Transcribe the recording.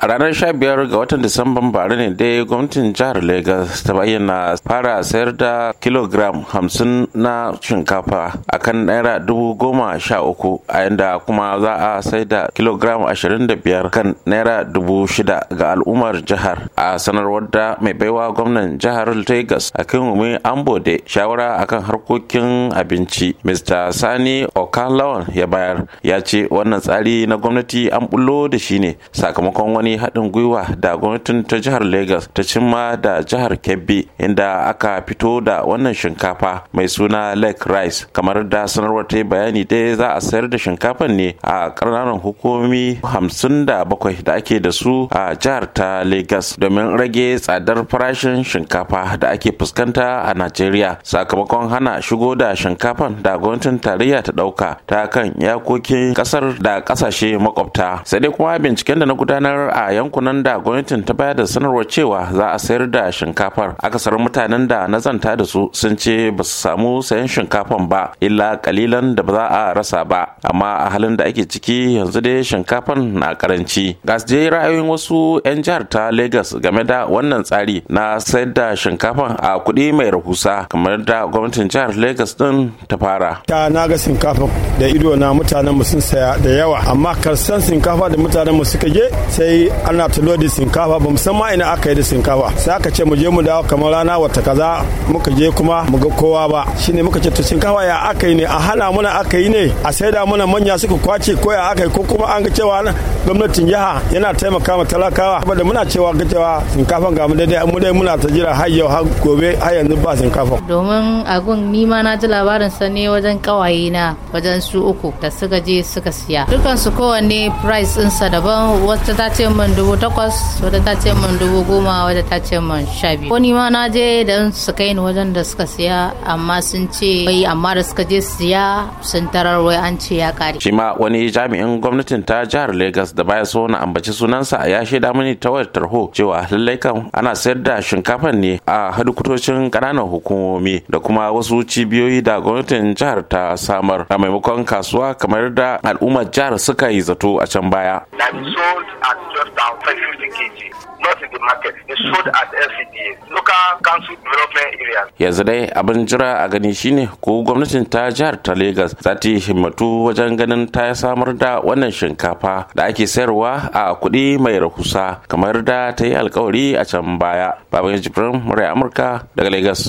a ranar sha biyar ga watan disamban bara ne dai gwamnatin jihar Legas, ta bayyana fara sayar da kilogram hamsin na shinkafa a kan naira dubu goma sha uku a yadda kuma za a sai da kilogram biyar kan naira dubu shida ga al'ummar jihar a sanarwar da mai baiwa gwamnan jihar lagos a kan umi ambode shawara akan harkokin abinci mr sani okalawan ya bayar ya ce wannan tsari na gwamnati an bullo da shi ne sakamakon wani haɗin gwiwa da gwamnatin ta jihar Legas ta cimma da jihar Kebbi inda aka fito da wannan shinkafa mai suna Lake Rice kamar da sanarwar ta bayani dai za a sayar da shinkafan ne a ƙananan hukumomi hamsin da bakwai da ake da su a jihar ta Legas domin rage tsadar farashin shinkafa da ake fuskanta a Najeriya sakamakon hana shigo da shinkafan da gwamnatin tarayya ta ɗauka ta kan yakokin ƙasar da ƙasashe makwabta sai dai kuma binciken da na gudanar a yankunan da gwamnatin ta bayar da sanarwar cewa za a sayar da shinkafar akasar mutanen da na zanta da su sun ce ba su samu sayan shinkafan ba illa kalilan da ba za a rasa ba amma a halin da ake ciki yanzu dai shinkafan na karanci gas je ra'ayoyin wasu 'yan jihar ta lagos game da wannan tsari na sayar da shinkafan a kuɗi mai rahusa kamar da gwamnatin jihar lagos din ta fara ta na ga shinkafan da ido na mutanen mu sun saya da yawa amma karsan shinkafa da mutanen mu suka je sai ana tuno da shinkafa ba musamman ina aka yi da shinkafa sai aka ce mu je mu dawo kamar rana wata kaza muka je kuma mu ga kowa ba shine muka ce to shinkafa ya aka yi ne a hana muna aka yi ne a saida muna manya suka kwace ko ya aka yi ko kuma an ga cewa gwamnatin jiha yana taimaka ma talakawa saboda muna cewa ga cewa shinkafan ga mu daidai mu dai muna ta jira har yau har gobe har yanzu ba shinkafa domin agun ni ma na ji labarin sa ne wajen kawaye na wajen su uku da suka je suka siya dukan su kowanne price ɗinsa daban wata ta ce man dubu takwas wata ta ce man dubu goma wata ta ce man sha biyu wani ma na je don su kai ni wajen da suka siya amma sun ce wai amma da suka je siya sun tarar wai an ce ya kare shi ma wani jami'in gwamnatin ta jihar Legas da baya so na ambaci sunansa ya shaida mini ta wayar tarho cewa lallai kan ana sayar da shinkafan ne a hadukutocin kananan hukumomi da kuma wasu cibiyoyi da gwamnatin jihar ta samar a maimakon kasuwa kamar da al'ummar jihar suka yi zato a can baya. just down 50 kg, not in the market. It's sold at LCDA, local council development area. Yes, today, abin jira a gani shine ko gwamnatin ta jihar ta Legas za ta himmatu wajen ganin ta samar da wannan shinkafa da ake sayarwa a kuɗi mai rahusa kamar da ta yi alkawari a can baya. Baban Jibrin Murai Amurka daga Legas.